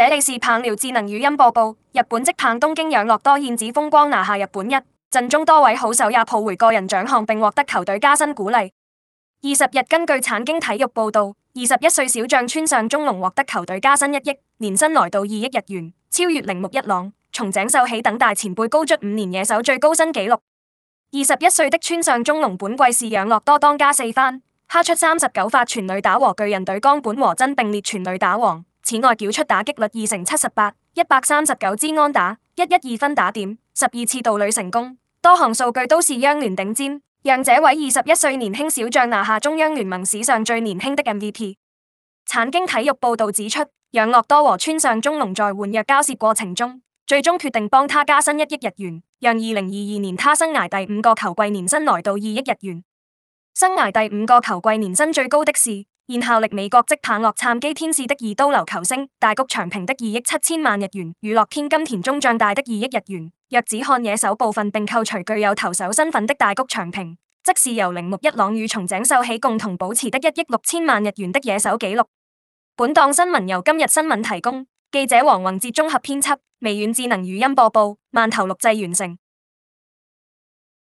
這裡是棒聊智能語音播報。日本職棒東京養樂多燕子風光拿下日本一，陣中多位好手也抱回個人獎項，並獲得球隊加薪鼓勵。二十日，根據產經體育報道，二十一歲小將村上宗隆獲得球隊加薪一億，年薪來到二億日元，超越鈴木一朗、松井秀喜等大前輩，高卒五年野手最高薪紀錄。二十一歲的村上宗隆本季是養樂多當家四番，敲出三十九發全壘打和巨人隊岡本和真並列全壘打王。此外，繳出打擊率二成七十八，一百三十九支安打，一一二分打點，十二次盜壘成功，多項數據都是央聯頂尖，讓這位二十一歲年輕小將拿下中央聯盟史上最年輕的 MVP。產經體育報道指出，養樂多和村上宗隆在換約交涉過程中，最終決定幫他加薪一億日元，讓二零二二年他生涯第五個球季年薪來到二億日元，生涯第五個球季年薪最高的是現效力美國職棒洛杉磯天使的二刀流球星大谷翔平的二億七千萬日元，與樂天金田中將大的二億日元，若只看野手部分並扣除具有投手身份的大谷翔平，則是由鈴木一朗與松井秀喜共同保持的一億六千萬日元的野手紀錄。本檔新聞由今日新聞提供，記者黃宏哲綜合編輯，微軟智能語音播報，萬頭錄製完成。